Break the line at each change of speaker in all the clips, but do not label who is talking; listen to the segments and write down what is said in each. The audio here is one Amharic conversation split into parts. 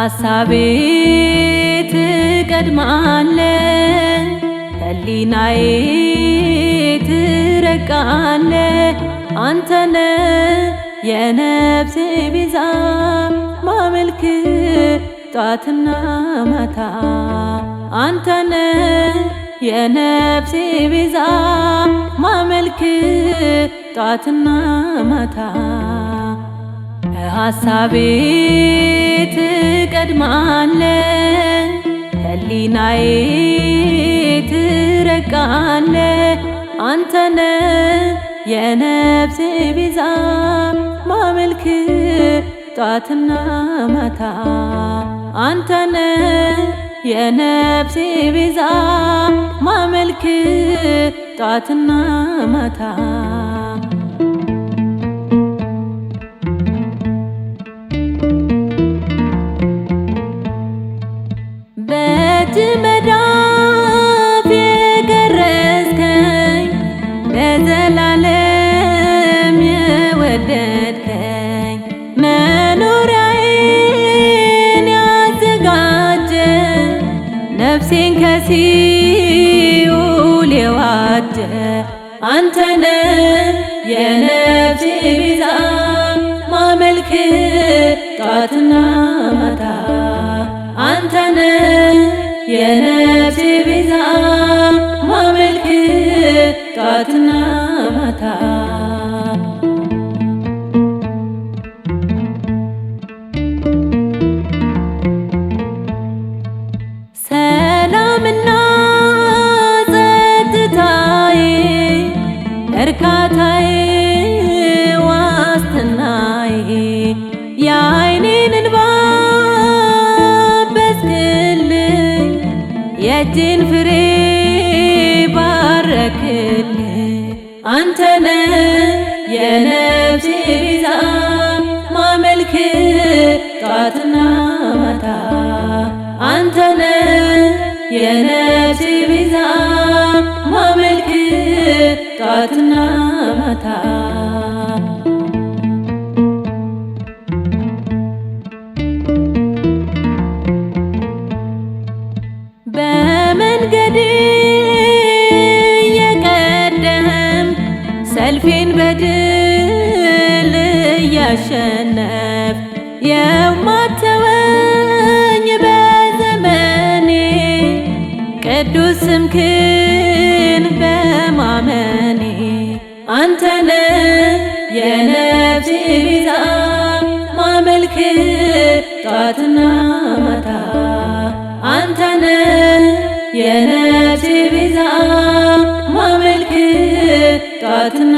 ሀሳቤ ትቀድማለ ህሊናዬ ትረቃለ አንተነ የነፍሴ ቤዛ ማመልክ ጧትና ማታ አንተነ የነፍሴ ቤዛ ማመልክ ጧትና ማታ ሀሳቤ ትቀድማለ ከሊናዬ ትረቃለ አንተነ የነፍሴ ቤዛ ማመልክ ጧትና ማታ አንተነ የነፍሴ ቤዛ ማመልክ ጧትና ማታ ነፍሴን ከሲኦል የዋጀ አንተነ የነፍሴ ቤዛ ማመልክ ጧትና ማታ አንተነ የነፍሴ ቤዛ ማመልክ ጧትና ማታ እርካታዬ ዋስትናዬ የዓይኔን እንባ አበስክልኝ የእጄን ፍሬ ባረክል አንተነ የነፍሴ ቤዛ ማመልክ ጧትና ማታ አንተነ ጠዋትና ማታ በመንገድ የቀደም ሰልፌን በድል እያሸነፍ የማተወኝ በዘመኔ ቅዱስ ስምክ አለ የነፍሴ ቤዛ ማመልክ ጧትና ማታ አንተነ የነፍሴ ቤዛ ማመልክ ጧትና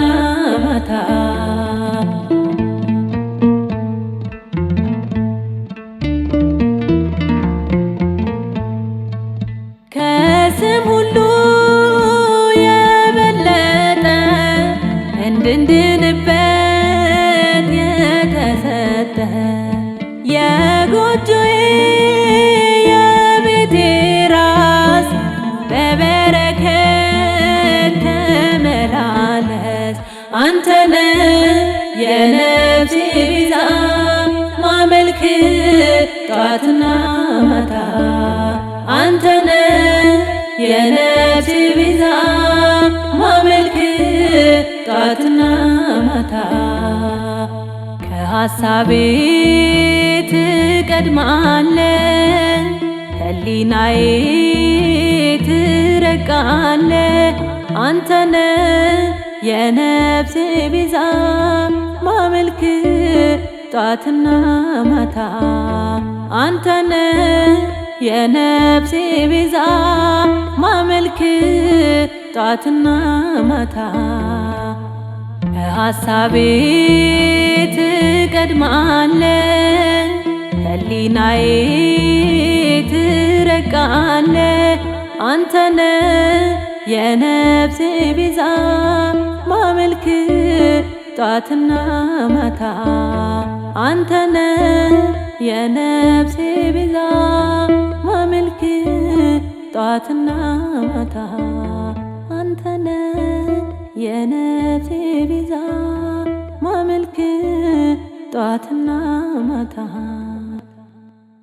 እንድንድንበት የተሰጠ የጎጆዬ የቤቴ ራስ በበረከት ተመላለስ አንተነ የነፍሴ ቤዛ ማመልክ ጧትና ሀሳቤ ትቀድማለ ህሊናዬ ትረቃለ አንተነ የነፍሴ ቤዛ ማመልክ ጧትና ማታ አንተነ የነፍሴ ቤዛ ማመልክ ጧትና ማታ ሀሳቤ ትቀድማለ ከሊናዬ ትረቃለ አንተነ የነፍሴ ቤዛ ማመልክ ጧትና ማታ አንተነ የነፍሴ ቤዛ ማመልክ ጧትና ማታ አንተነ የነፍሴ ቤዛ ማመልክ ጧትና ማታ